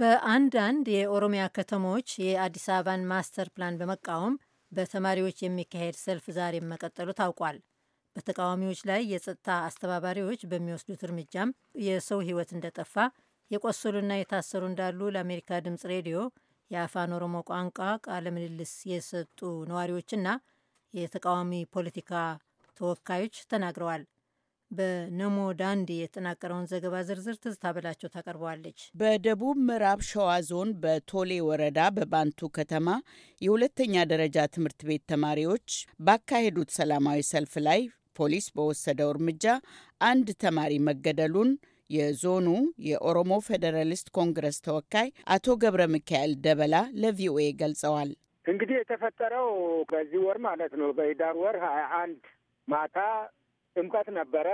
በአንዳንድ የኦሮሚያ ከተሞች የአዲስ አበባን ማስተር ፕላን በመቃወም በተማሪዎች የሚካሄድ ሰልፍ ዛሬ መቀጠሉ ታውቋል። በተቃዋሚዎች ላይ የጸጥታ አስተባባሪዎች በሚወስዱት እርምጃም የሰው ሕይወት እንደጠፋ የቆሰሉና የታሰሩ እንዳሉ ለአሜሪካ ድምፅ ሬዲዮ የአፋን ኦሮሞ ቋንቋ ቃለ ምልልስ የሰጡ ነዋሪዎችና የተቃዋሚ ፖለቲካ ተወካዮች ተናግረዋል። በነሞ ዳንድ የተጠናቀረውን ዘገባ ዝርዝር ትዝታ በላቸው ታቀርበዋለች። በደቡብ ምዕራብ ሸዋ ዞን በቶሌ ወረዳ በባንቱ ከተማ የሁለተኛ ደረጃ ትምህርት ቤት ተማሪዎች ባካሄዱት ሰላማዊ ሰልፍ ላይ ፖሊስ በወሰደው እርምጃ አንድ ተማሪ መገደሉን የዞኑ የኦሮሞ ፌዴራሊስት ኮንግረስ ተወካይ አቶ ገብረ ሚካኤል ደበላ ለቪኦኤ ገልጸዋል። እንግዲህ የተፈጠረው በዚህ ወር ማለት ነው በህዳር ወር ሀያ አንድ ማታ ጥምቀት ነበረ፣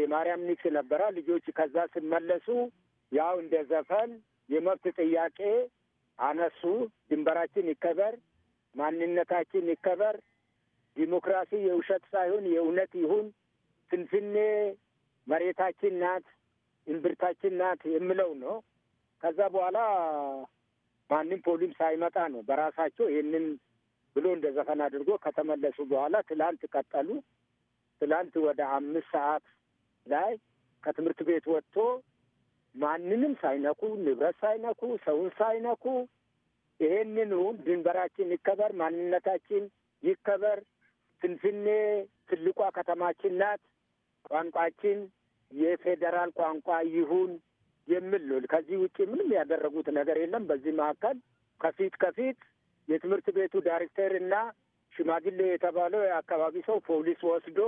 የማርያም ኒክስ ነበረ። ልጆች ከዛ ሲመለሱ ያው እንደ ዘፈን የመብት ጥያቄ አነሱ። ድንበራችን ይከበር፣ ማንነታችን ይከበር፣ ዲሞክራሲ የውሸት ሳይሆን የእውነት ይሁን፣ ስንፍኔ መሬታችን ናት፣ እምብርታችን ናት የሚለው ነው። ከዛ በኋላ ማንም ፖሊም ሳይመጣ ነው በራሳቸው ይህንን ብሎ እንደ ዘፈን አድርጎ ከተመለሱ በኋላ ትላንት ቀጠሉ። ትላንት ወደ አምስት ሰዓት ላይ ከትምህርት ቤት ወጥቶ ማንንም ሳይነኩ ንብረት ሳይነኩ ሰውን ሳይነኩ ይሄንኑ ድንበራችን ይከበር፣ ማንነታችን ይከበር። ፍንፍኔ ትልቋ ከተማችን ናት። ቋንቋችን የፌዴራል ቋንቋ ይሁን የሚል ከዚህ ውጭ ምንም ያደረጉት ነገር የለም። በዚህ መካከል ከፊት ከፊት የትምህርት ቤቱ ዳይሬክተር እና ሽማግሌ የተባለው የአካባቢ ሰው ፖሊስ ወስዶ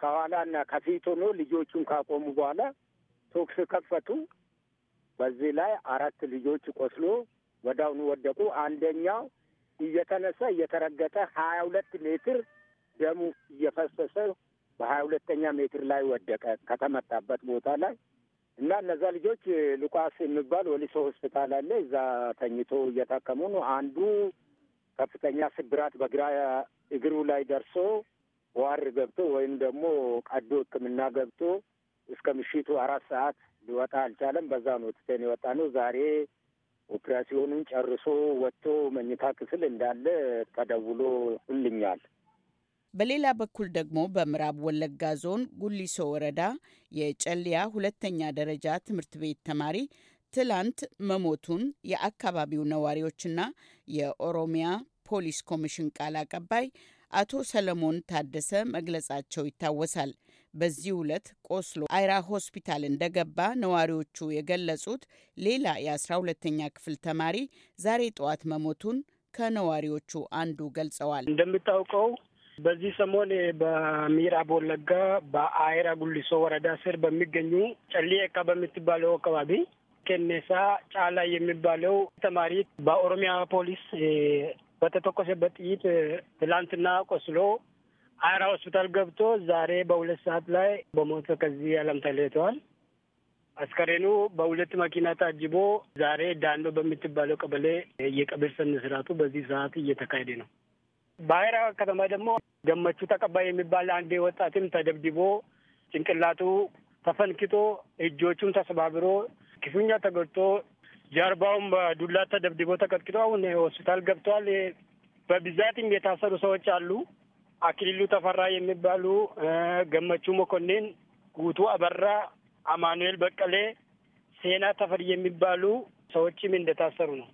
ከኋላና ከፊት ሆኖ ልጆቹን ካቆሙ በኋላ ተኩስ ከፈቱ። በዚህ ላይ አራት ልጆች ቆስሎ ወዳውኑ ወደቁ። አንደኛው እየተነሳ እየተረገጠ ሀያ ሁለት ሜትር ደሙ እየፈሰሰ በሀያ ሁለተኛ ሜትር ላይ ወደቀ ከተመታበት ቦታ ላይ እና እነዛ ልጆች ሉቃስ የሚባል ወሊሶ ሆስፒታል አለ እዛ ተኝቶ እየታከሙ ነው። አንዱ ከፍተኛ ስብራት በግራ እግሩ ላይ ደርሶ ዋር ገብቶ ወይም ደግሞ ቀዶ ሕክምና ገብቶ እስከ ምሽቱ አራት ሰዓት ሊወጣ አልቻለም። በዛ ነው ትተን የወጣ ነው። ዛሬ ኦፕሬሽኑን ጨርሶ ወጥቶ መኝታ ክፍል እንዳለ ተደውሎ እልኛል። በሌላ በኩል ደግሞ በምዕራብ ወለጋ ዞን ጉሊሶ ወረዳ የጨልያ ሁለተኛ ደረጃ ትምህርት ቤት ተማሪ ትላንት መሞቱን የአካባቢው ነዋሪዎችና የኦሮሚያ ፖሊስ ኮሚሽን ቃል አቀባይ አቶ ሰለሞን ታደሰ መግለጻቸው ይታወሳል። በዚህ ዕለት ቆስሎ አይራ ሆስፒታል እንደገባ ነዋሪዎቹ የገለጹት ሌላ የ12ተኛ ክፍል ተማሪ ዛሬ ጠዋት መሞቱን ከነዋሪዎቹ አንዱ ገልጸዋል። እንደምታውቀው በዚህ ሰሞን በምዕራብ ወለጋ በአይራ ጉሊሶ ወረዳ ስር በሚገኙ ጨሌ የካ በምትባለው አካባቢ ከኔሳ ጫላ የሚባለው ተማሪ በኦሮሚያ ፖሊስ በተተኮሰበት ጥይት ትላንትና ቆስሎ አይራ ሆስፒታል ገብቶ ዛሬ በሁለት ሰዓት ላይ በሞት ከዚህ ዓለም ተለይተዋል። አስከሬኑ በሁለት መኪና ታጅቦ ዛሬ ዳንዶ በምትባለው ቀበሌ የቀብር ስነ ስርዓቱ በዚህ ሰዓት እየተካሄደ ነው። በሀይራ ከተማ ደግሞ ገመቹ ተቀባይ የሚባል አንድ ወጣትም ተደብድቦ ጭንቅላቱ ተፈንክቶ እጆቹም ተሰባብሮ ክፉኛ ተገልጦ ጀርባውን በዱላ ተደብድቦ ተቀጥቅጦ አሁን ሆስፒታል ገብተዋል። በብዛትም የታሰሩ ሰዎች አሉ። አክሊሉ ተፈራ የሚባሉ፣ ገመቹ መኮንን፣ ጉቱ አበራ፣ አማኑኤል በቀሌ፣ ሴና ተፈሪ የሚባሉ ሰዎችም እንደታሰሩ ነው።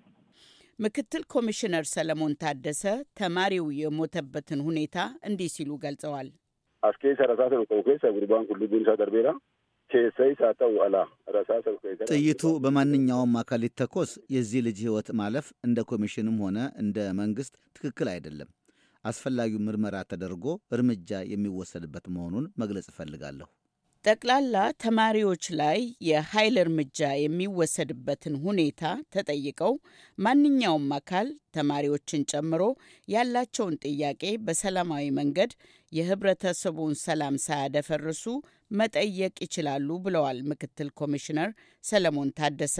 ምክትል ኮሚሽነር ሰለሞን ታደሰ ተማሪው የሞተበትን ሁኔታ እንዲህ ሲሉ ገልጸዋል። አስኬ ሰረሳ ሰ ቁርባን ቁልቡን ሳ ደርቤራ ጥይቱ በማንኛውም አካል ሊተኮስ የዚህ ልጅ ሕይወት ማለፍ እንደ ኮሚሽንም ሆነ እንደ መንግሥት ትክክል አይደለም። አስፈላጊው ምርመራ ተደርጎ እርምጃ የሚወሰድበት መሆኑን መግለጽ እፈልጋለሁ። ጠቅላላ ተማሪዎች ላይ የኃይል እርምጃ የሚወሰድበትን ሁኔታ ተጠይቀው ማንኛውም አካል ተማሪዎችን ጨምሮ ያላቸውን ጥያቄ በሰላማዊ መንገድ የህብረተሰቡን ሰላም ሳያደፈርሱ መጠየቅ ይችላሉ ብለዋል ምክትል ኮሚሽነር ሰለሞን ታደሰ።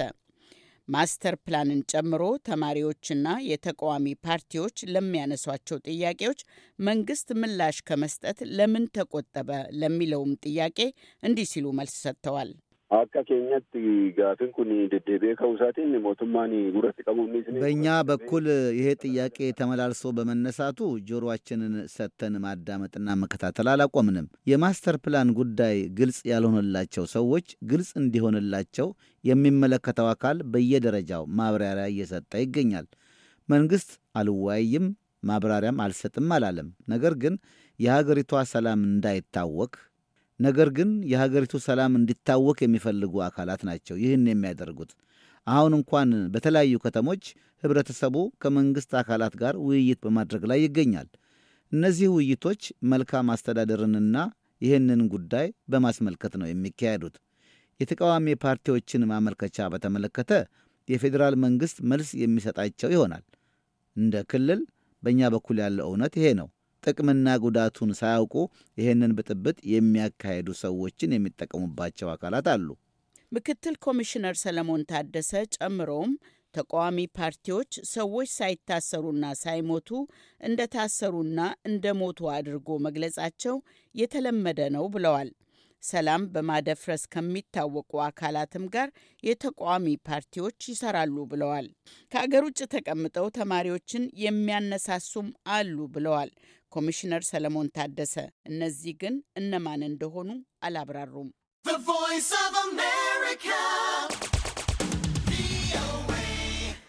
ማስተር ፕላንን ጨምሮ ተማሪዎችና የተቃዋሚ ፓርቲዎች ለሚያነሷቸው ጥያቄዎች መንግስት ምላሽ ከመስጠት ለምን ተቆጠበ ለሚለውም ጥያቄ እንዲህ ሲሉ መልስ ሰጥተዋል። akka keenyatti gaafin kun deddeebi'ee ከውሳቴን ሞቱማን ጉረት ቀቡኒ በእኛ በኩል ይሄ ጥያቄ ተመላልሶ በመነሳቱ ጆሮአችንን ሰጥተን ማዳመጥና መከታተል አላቆምንም። የማስተር ፕላን ጉዳይ ግልጽ ያልሆነላቸው ሰዎች ግልጽ እንዲሆንላቸው የሚመለከተው አካል በየደረጃው ማብራሪያ እየሰጠ ይገኛል። መንግሥት አልወያይም ማብራሪያም አልሰጥም አላለም። ነገር ግን የሀገሪቷ ሰላም እንዳይታወክ ነገር ግን የሀገሪቱ ሰላም እንዲታወክ የሚፈልጉ አካላት ናቸው ይህን የሚያደርጉት። አሁን እንኳን በተለያዩ ከተሞች ህብረተሰቡ ከመንግሥት አካላት ጋር ውይይት በማድረግ ላይ ይገኛል። እነዚህ ውይይቶች መልካም አስተዳደርንና ይህንን ጉዳይ በማስመልከት ነው የሚካሄዱት። የተቃዋሚ ፓርቲዎችን ማመልከቻ በተመለከተ የፌዴራል መንግሥት መልስ የሚሰጣቸው ይሆናል። እንደ ክልል በእኛ በኩል ያለው እውነት ይሄ ነው። ጥቅምና ጉዳቱን ሳያውቁ ይህንን ብጥብጥ የሚያካሄዱ ሰዎችን የሚጠቀሙባቸው አካላት አሉ። ምክትል ኮሚሽነር ሰለሞን ታደሰ ጨምሮም ተቃዋሚ ፓርቲዎች ሰዎች ሳይታሰሩና ሳይሞቱ እንደታሰሩና እንደሞቱ አድርጎ መግለጻቸው የተለመደ ነው ብለዋል። ሰላም በማደፍረስ ከሚታወቁ አካላትም ጋር የተቃዋሚ ፓርቲዎች ይሰራሉ ብለዋል። ከአገር ውጭ ተቀምጠው ተማሪዎችን የሚያነሳሱም አሉ ብለዋል ኮሚሽነር ሰለሞን ታደሰ። እነዚህ ግን እነማን እንደሆኑ አላብራሩም። ቮይስ ኦፍ አሜሪካ